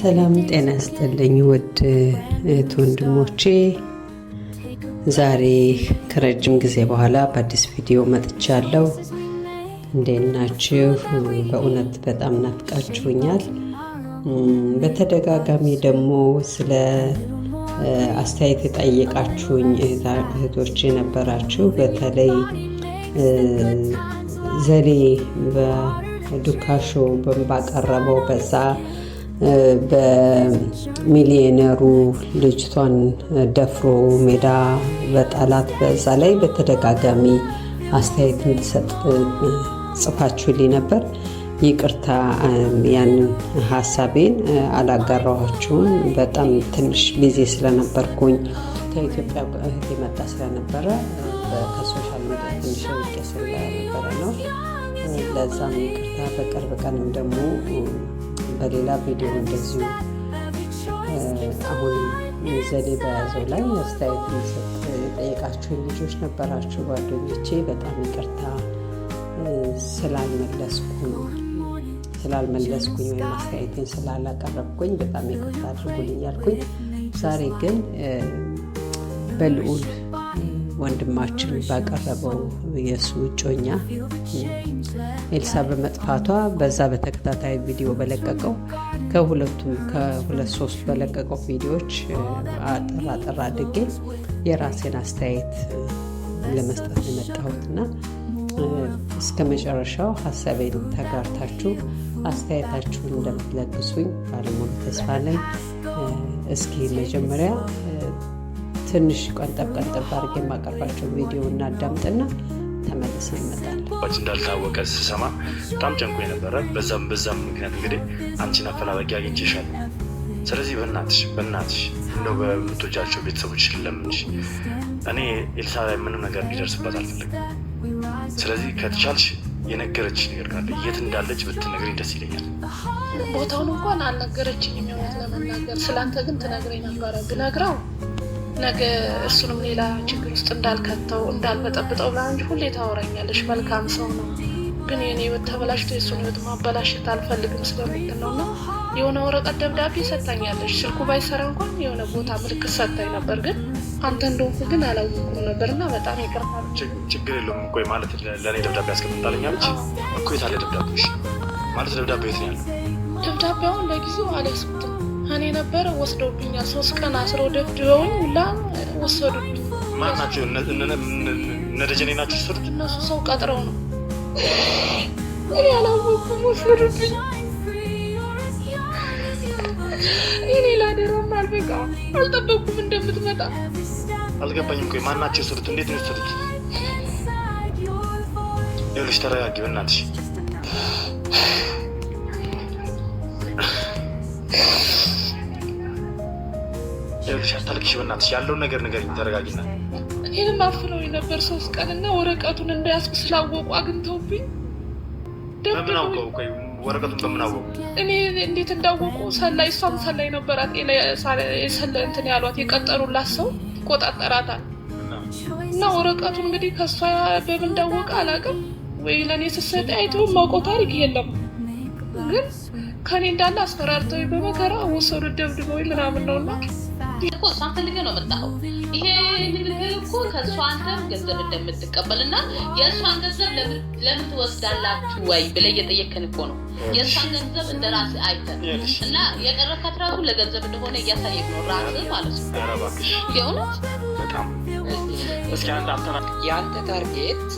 ሰላም ጤና ይስጥልኝ ውድ እህት ወንድሞቼ፣ ዛሬ ከረጅም ጊዜ በኋላ በአዲስ ቪዲዮ መጥቻለሁ። እንዴት ናችሁ? በእውነት በጣም ናፍቃችሁኛል። በተደጋጋሚ ደግሞ ስለ አስተያየት የጠየቃችሁኝ እህቶች የነበራችሁ በተለይ ዘሌ በዱካሾ ባቀረበው በዛ በሚሊዮነሩ ልጅቷን ደፍሮ ሜዳ በጣላት። በዛ ላይ በተደጋጋሚ አስተያየት እንድሰጥ ጽፋችሁልኝ ነበር። ይቅርታ ያንን ሀሳቤን አላጋራኋችሁም። በጣም ትንሽ ጊዜ ስለነበርኩኝ ከኢትዮጵያ እህት መጣ ስለነበረ ከሶሻል ሚዲያ ትንሽ ውቄ ስለነበረ ነው። ለዛም ይቅርታ። በቅርብ ቀንም ደግሞ በሌላ ቪዲዮ እንደዚሁ አሁን ዘዴ በያዘው ላይ አስተያየት ሰጥ የጠየቃችሁን ልጆች ነበራችሁ ጓደኞቼ። በጣም ይቅርታ ስላልመለስኩ ስላልመለስኩኝ ወይም አስተያየቴን ስላላቀረብኩኝ በጣም ይቅርታ አድርጉልኝ ያልኩኝ። ዛሬ ግን በልዑል ወንድማችን ባቀረበው የእሱ እጮኛ ኤልሳ በመጥፋቷ በዛ በተከታታይ ቪዲዮ በለቀቀው ከሁለቱም ከሁለት ሶስት በለቀቀው ቪዲዮዎች አጠር አጠር አድጌ የራሴን አስተያየት ለመስጠት የመጣሁት እና እስከ መጨረሻው ሀሳቤን ተጋርታችሁ አስተያየታችሁን እንደምትለግሱኝ ባለሙሉ ተስፋ ላይ። እስኪ መጀመሪያ ትንሽ ቀንጠብ ቀንጠብ አድርጌ የማቀርባቸው ቪዲዮ እናዳምጥና ተመልሰ ይመጣል። እንዳልታወቀ ስሰማ በጣም ጨንቆ ነበረ። በዛም በዛም ምክንያት እንግዲህ አንቺን አፈላላጊ አግኝቼሻለሁ። ስለዚህ በእናትሽ በእናትሽ እንደው በምትወጃቸው ቤተሰቦች ለምንሽ እኔ ኤልሳ ላይ ምንም ነገር እንዲደርስበት አልፈልግም። ስለዚህ ከተቻልሽ የነገረች ነገር ካለ የት እንዳለች ብትነግረኝ ደስ ይለኛል። ቦታውን እንኳን አልነገረችኝ፣ የሚሆነት ለመናገር ስለአንተ ግን ትነግረኝ ነበረ ብነግረው ነገ እሱንም ሌላ ችግር ውስጥ እንዳልከተው እንዳልበጠብጠው ብላ እንጂ ሁሌ ታወራኛለሽ። መልካም ሰው ነው፣ ግን የኔ ህይወት ተበላሽቶ የእሱን ህይወት ማበላሸት አልፈልግም ስለምትል ነው እና የሆነ ወረቀት ደብዳቤ ሰታኛለሽ። ስልኩ ባይሰራ እንኳን የሆነ ቦታ ምልክት ሰታኝ ነበር፣ ግን አንተ እንደሆንኩ ግን አላወኩም ነበር እና በጣም ይቅርታ። ችግር የለውም እኮ ማለት ለእኔ ደብዳቤ ያስቀምጣለኛለች እኮ። የታለ ደብዳቤ? ማለት ደብዳቤ የት ነው ያለው? አሁን በጊዜው አለስኩትም እኔ ነበረ ወስደውብኛል። ሶስት ቀን አስሮ ደብድበውኝ ሁላ ወሰዱብኝ። ማን ናቸው? እነ ደጀኔ ናቸው የወሰዱት። እነሱ ሰው ቀጥረው ነው። እኔ አላወኩም፣ ወሰዱብኝ። እኔ ላደራም አልበቃ አልጠበቁም እንደምትመጣ አልገባኝም። ቆይ ማን ናቸው የወሰዱት? እንዴት ነው የወሰዱት? ሌሎች ተረጋጊ፣ በእናትሽ ይኸውልሽ አታልቅሽ፣ በእናትሽ ያለውን ነገር ነገር ተረጋጊና። እኔንም አፍነው የነበር ሶስት ቀን እና ወረቀቱን እንዳያስብ ስላወቁ አግኝተውብኝ በምን አውቀው? ወረቀቱን በምን አወቁ? እኔ እንዴት እንዳወቁ ሰላይ፣ እሷም ሰላይ ነበራት። እንትን ያሏት የቀጠሩላት ሰው ይቆጣጠራታል። እና ወረቀቱን እንግዲህ ከእሷ በምን እንዳወቀ አላውቅም። ወይ ለእኔ ስትሰጠኝ አይተውም። አውቀው ታሪክ የለም ግን ከኔ እንዳለ አስፈራርተው በመከራ ወሰዱ ደብድበው ምናምን ነው እና እኮ እሷን ፈልገህ ነው የመጣኸው። ይሄ ንግግር እኮ ከእሷ አንተም ገንዘብ እንደምትቀበል እና የእሷን ገንዘብ ለምን ትወስዳላችሁ ወይ ብለህ እየጠየከን እኮ ነው። የእሷን ገንዘብ እንደ ራስህ አይተን እና የቀረካት ራሱ ለገንዘብ እንደሆነ እያሳየህ ነው ራስህ ማለት ነው። የእውነት የአንተ ታርጌት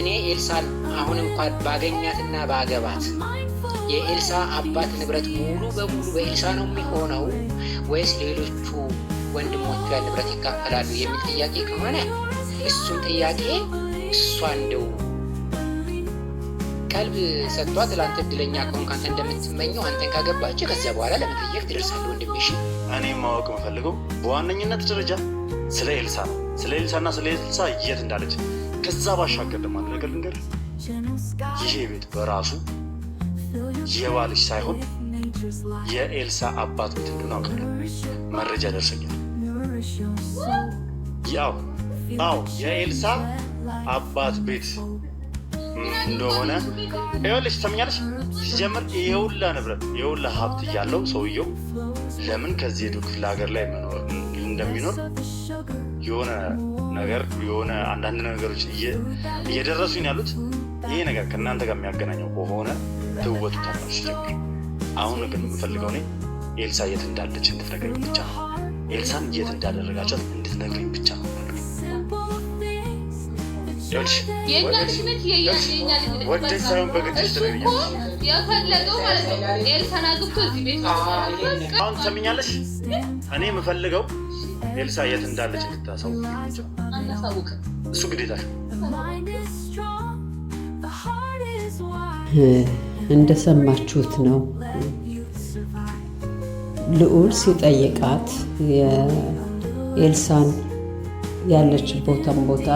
እኔ ኤልሳን አሁን እንኳን ባገኛትና ባገባት የኤልሳ አባት ንብረት ሙሉ በሙሉ በኤልሳ ነው የሚሆነው ወይስ ሌሎቹ ወንድሞቿ ንብረት ይካፈላሉ የሚል ጥያቄ ከሆነ እሱን ጥያቄ እሷ እንደው ቀልብ ሰጥቷት ለአንተ እድለኛ ከሆንክ አንተ እንደምትመኘው አንተን ካገባቸው ከዚያ በኋላ ለመጠየቅ ትደርሳለህ። ወንድምሽ እኔ ማወቅ የምፈልገው በዋነኝነት ደረጃ ስለ ኤልሳ ነው። ስለ ኤልሳና ስለ ኤልሳ የት እንዳለች ከዛ ባሻገር ነገር ልንገር ይሄ ቤት በራሱ የዋ ልጅ ሳይሆን የኤልሳ አባት ቤት እንደሆነ አውቃለሁ። መረጃ ደርሰኛል። ያው አዎ የኤልሳ አባት ቤት እንደሆነ ይኸውልሽ፣ ትሰምኛለሽ። ሲጀምር የሁላ ንብረት የሁላ ሀብት እያለው ሰውየው ለምን ከዚህ ሄዱ ክፍለ ሀገር ላይ እንደሚኖር የሆነ ነገር የሆነ አንዳንድ ነገሮች እየደረሱኝ ያሉት ይሄ ነገር ከእናንተ ጋር የሚያገናኘው ከሆነ ትወቱ ታላችሁ። አሁን ግን የምፈልገው እኔ ኤልሳ የት እንዳለች እንድትነግረኝ ብቻ ነው። ኤልሳን የት እንዳደረጋቸት እንድትነግረኝ ብቻ ነው። ወደሽ አሁን ትሰሚኛለሽ? እኔ የምፈልገው ኤልሳ የት እንዳለች እንድታሳው እሱ ግዴታ ነው። እንደሰማችሁት ነው። ልዑል ሲጠይቃት የኤልሳን ያለች ቦታን ቦታ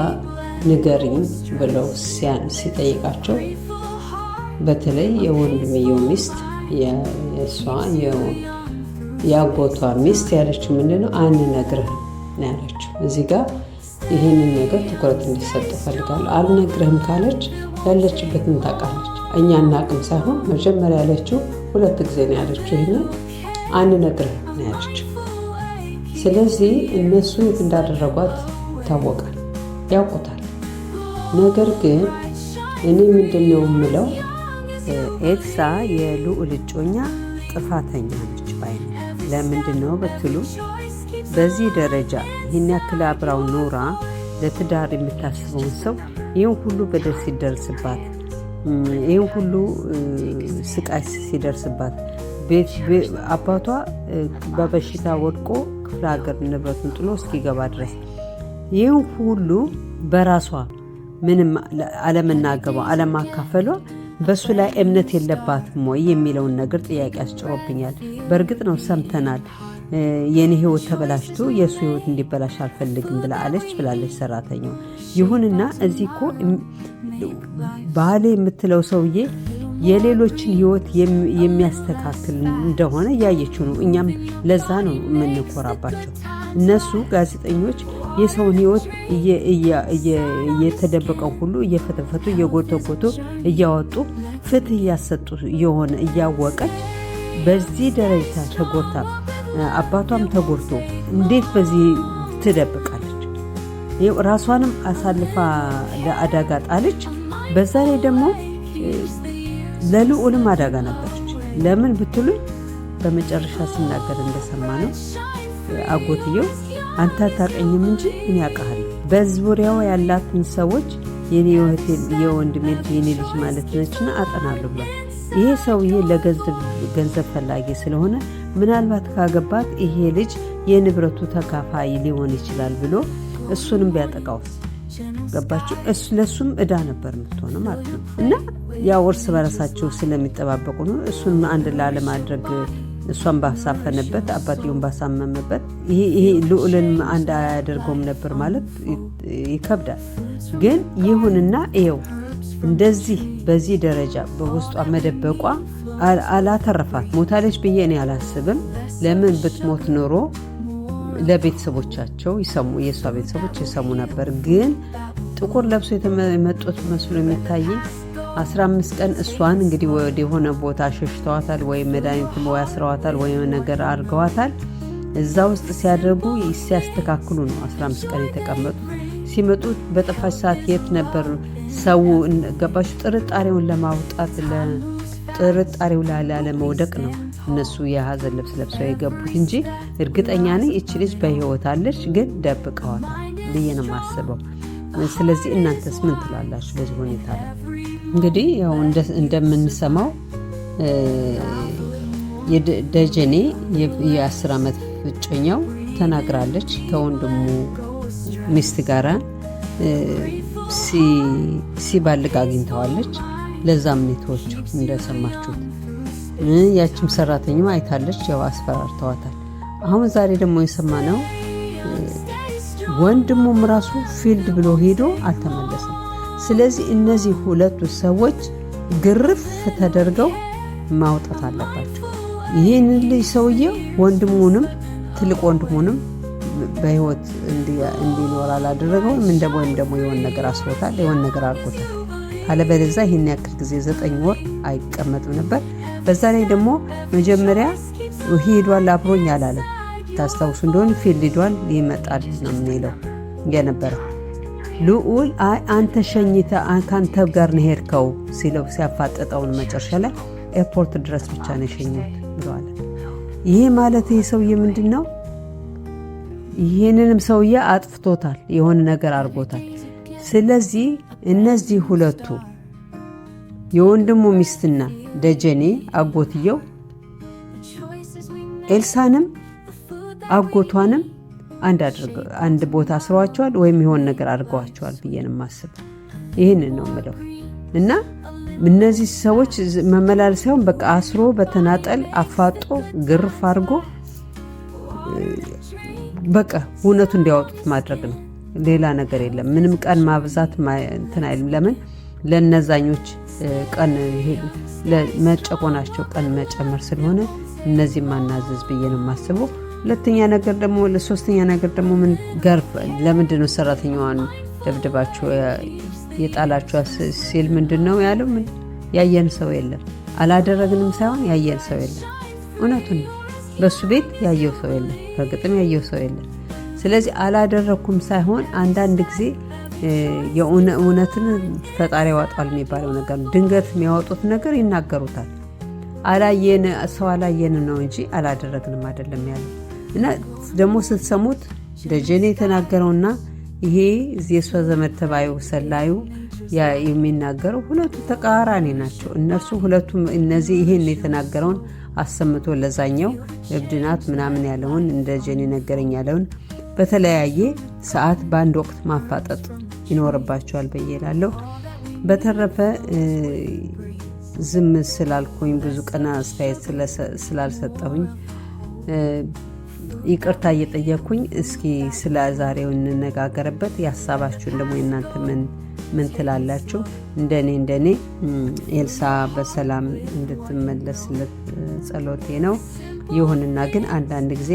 ንገሪኝ ብለው ሲጠይቃቸው በተለይ የወንድምየው ሚስት የእሷ የአጎቷ ሚስት ያለችው ምንድን ነው? አንነግርህም ያለችው። እዚህ ጋር ይህንን ነገር ትኩረት እንዲሰጥ እፈልጋለሁ። አልነግርህም ካለች ያለችበትን ታውቃለች። እኛ እናቅም ሳይሆን መጀመሪያ ያለችው ሁለት ጊዜ ነው ያለችው። ይህን አንነግርህም ነው ያለችው። ስለዚህ እነሱ እንዳደረጓት ይታወቃል፣ ያውቁታል። ነገር ግን እኔ ምንድን ነው የምለው ኤልሳ የልዑል እጮኛ ጥፋተኛ ነች ባይ ነው። ለምንድን ነው ብትሉ በዚህ ደረጃ ይህን ያክል አብራው ኖራ ለትዳር የምታስበውን ሰው ይህን ሁሉ በደል ሲደርስባት ይህን ሁሉ ስቃይ ሲደርስባት አባቷ በበሽታ ወድቆ ክፍለ ሀገር ንብረቱን ጥሎ እስኪገባ ድረስ ይህን ሁሉ በራሷ ምንም አለመናገቧ፣ አለማካፈሏ በእሱ ላይ እምነት የለባትም ወይ የሚለውን ነገር ጥያቄ አስጭሮብኛል። በእርግጥ ነው ሰምተናል። የኔ ህይወት ተበላሽቶ የእሱ ህይወት እንዲበላሽ አልፈልግም ብላ አለች ብላለች ሰራተኛው። ይሁንና እዚህ እኮ ባሌ የምትለው ሰውዬ የሌሎችን ህይወት የሚያስተካክል እንደሆነ እያየችው ነው። እኛም ለዛ ነው የምንኮራባቸው። እነሱ ጋዜጠኞች የሰውን ህይወት እየተደበቀው ሁሉ እየፈተፈቱ እየጎተጎቶ እያወጡ ፍትህ እያሰጡ የሆነ እያወቀች በዚህ ደረጃ ተጎታ አባቷም ተጎድቶ እንዴት በዚህ ትደብቃለች? ራሷንም አሳልፋ ለአደጋ ጣለች። በዛ ላይ ደግሞ ለልዑልም አደጋ ነበረች። ለምን ብትሉኝ በመጨረሻ ሲናገር እንደሰማ ነው አጎትየው አንተ አታውቀኝም እንጂ እኔ አውቅሃለሁ። በዙሪያው ያላትን ሰዎች የኔ የወንድሜ ልጅ የኔ ልጅ ማለት ነችና አጠናሉ ብሏል። ይሄ ሰውዬ ለገንዘብ ገንዘብ ፈላጊ ስለሆነ ምናልባት ካገባት ይሄ ልጅ የንብረቱ ተካፋይ ሊሆን ይችላል ብሎ እሱንም ቢያጠቃው ገባችሁ? ለእሱም እዳ ነበር የምትሆነ ማለት ነው። እና ያው እርስ በራሳቸው ስለሚጠባበቁ ነው። እሱን አንድ ላለማድረግ እሷን ባሳፈነበት አባትየውን ባሳመመበት ይሄ ልዑልን አንድ አያደርገውም ነበር ማለት ይከብዳል። ግን ይሁንና ይኸው እንደዚህ በዚህ ደረጃ በውስጧ መደበቋ አላተረፋት። ሞታለች ብዬ እኔ አላስብም። ለምን ብትሞት ኖሮ ለቤተሰቦቻቸው ይሰሙ የእሷ ቤተሰቦች ይሰሙ ነበር። ግን ጥቁር ለብሶ የመጡት መስሎ የሚታይ 15 ቀን እሷን እንግዲህ ወደ የሆነ ቦታ ሸሽተዋታል፣ ወይም መድኃኒት ወይ አስረዋታል፣ ወይም ነገር አድርገዋታል። እዛ ውስጥ ሲያደርጉ ሲያስተካክሉ ነው 15 ቀን የተቀመጡት። ሲመጡ በጠፋች ሰዓት የት ነበር ሰው ገባሽ? ጥርጣሬውን ለማውጣት ጥርጣሬው ላለመውደቅ ነው እነሱ የሀዘን ልብስ ለብሰው የገቡት እንጂ እርግጠኛ ነኝ እች ልጅ በህይወት አለች፣ ግን ደብቀዋል ብዬ ነው የማስበው። ስለዚህ እናንተስ ምን ትላላችሁ? በዚህ ሁኔታ ላይ እንግዲህ ያው እንደምንሰማው ደጀኔ የአስር ዓመት ፍጮኛው ተናግራለች ከወንድሙ ሚስት ጋራ ሲባልግ አግኝተዋለች። ለዛም ኔትዎቹ እንደሰማችሁት ያችም ሰራተኛ አይታለች፣ ያው አስፈራርተዋታል። አሁን ዛሬ ደግሞ የሰማነው ወንድሙም ራሱ ፊልድ ብሎ ሄዶ አልተመለሰም። ስለዚህ እነዚህ ሁለቱ ሰዎች ግርፍ ተደርገው ማውጣት አለባቸው። ይህን ልጅ ሰውዬ ወንድሙንም ትልቅ ወንድሙንም በህይወት እንዲኖር አላደረገውም። እንደ ወይም ደግሞ የሆን ነገር አስሮታል፣ የሆን ነገር አድርጎታል። አለበለዛ ይህን ያክል ጊዜ ዘጠኝ ወር አይቀመጥም ነበር። በዛ ላይ ደግሞ መጀመሪያ ሄዷል ላብሮኝ አላለም። ታስታውሱ እንደሆን ፊልዷን ይመጣል ነው የምንለው የነበረው ልዑል አይ አንተ ሸኝተ ከአንተ ጋር ነው ሄድከው ሲለው ሲያፋጠጠውን መጨረሻ ላይ ኤርፖርት ድረስ ብቻ ነው የሸኘሁት ብለዋል። ይሄ ማለት ይህ ሰውዬ ምንድን ነው? ይህንንም ሰውዬ አጥፍቶታል፣ የሆነ ነገር አድርጎታል። ስለዚህ እነዚህ ሁለቱ የወንድሙ ሚስትና ደጀኔ አጎትየው ኤልሳንም አጎቷንም አንድ ቦታ አስረዋቸዋል ወይም የሆን ነገር አድርገዋቸዋል ብዬ ነው ይህንን ነው ምለው እና እነዚህ ሰዎች መመላለስ ሳይሆን በቃ አስሮ በተናጠል አፋጦ ግርፍ አድርጎ በቃ እውነቱ እንዲያወጡት ማድረግ ነው። ሌላ ነገር የለም። ምንም ቀን ማብዛት እንትን አይልም። ለምን ለነዛኞች ቀን ይሄዱ መጨቆናቸው ቀን መጨመር ስለሆነ እነዚህ ማናዘዝ ብዬ ነው የማስበው። ሁለተኛ ነገር ደግሞ ለሶስተኛ ነገር ደግሞ ምን ገርፍ ለምንድን ነው ሰራተኛዋን ደብድባችሁ የጣላችሁ ሲል ምንድን ነው ያለው? ምን ያየን ሰው የለም አላደረግንም ሳይሆን ያየን ሰው የለም። እውነቱን ነው። በእሱ ቤት ያየው ሰው የለም። በእርግጥም ያየው ሰው የለም። ስለዚህ አላደረግኩም ሳይሆን አንዳንድ ጊዜ የእውነትን ፈጣሪ ያወጣል የሚባለው ነገር ድንገት የሚያወጡት ነገር ይናገሩታል። አላየን ሰው አላየን ነው እንጂ አላደረግንም አይደለም ያለው እና ደግሞ ስትሰሙት ደጀኔ የተናገረውና ይሄ የእሷ ዘመድ ተባዩ ሰላዩ የሚናገረው ሁለቱ ተቃራኒ ናቸው። እነሱ ሁለቱም እነዚህ ይሄን የተናገረውን አሰምቶ ለዛኛው እብድናት ምናምን ያለውን እንደ ጀኔ ነገረኝ ያለውን በተለያየ ሰዓት በአንድ ወቅት ማፋጠጥ ይኖርባቸዋል ብዬ እላለሁ። በተረፈ ዝም ስላልኩኝ ብዙ ቀን አስተያየት ስላልሰጠሁኝ ይቅርታ እየጠየኩኝ እስኪ ስለ ዛሬው እንነጋገርበት። የሀሳባችሁን ደግሞ የእናንተ ምን ምን ትላላችሁ? እንደኔ እንደኔ ኤልሳ በሰላም እንድትመለስለት ጸሎቴ ነው። ይሁንና ግን አንዳንድ ጊዜ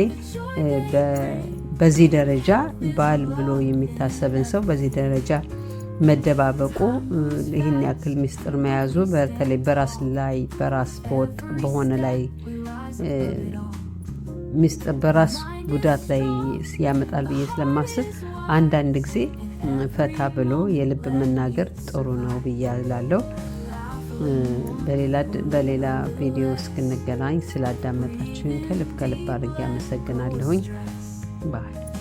በዚህ ደረጃ ባል ብሎ የሚታሰብን ሰው በዚህ ደረጃ መደባበቁ ይህን ያክል ሚስጥር መያዙ በተለይ በራስ ላይ በራስ በወጥ በሆነ ላይ ሚስጥር በራስ ጉዳት ላይ ያመጣል ብዬ ስለማስብ አንዳንድ ጊዜ ፈታ ብሎ የልብ መናገር ጥሩ ነው ብዬ በሌላ ቪዲዮ እስክንገናኝ ስላዳመጣችሁኝ ከልብ ከልብ አድርጌ አመሰግናለሁኝ። Bye.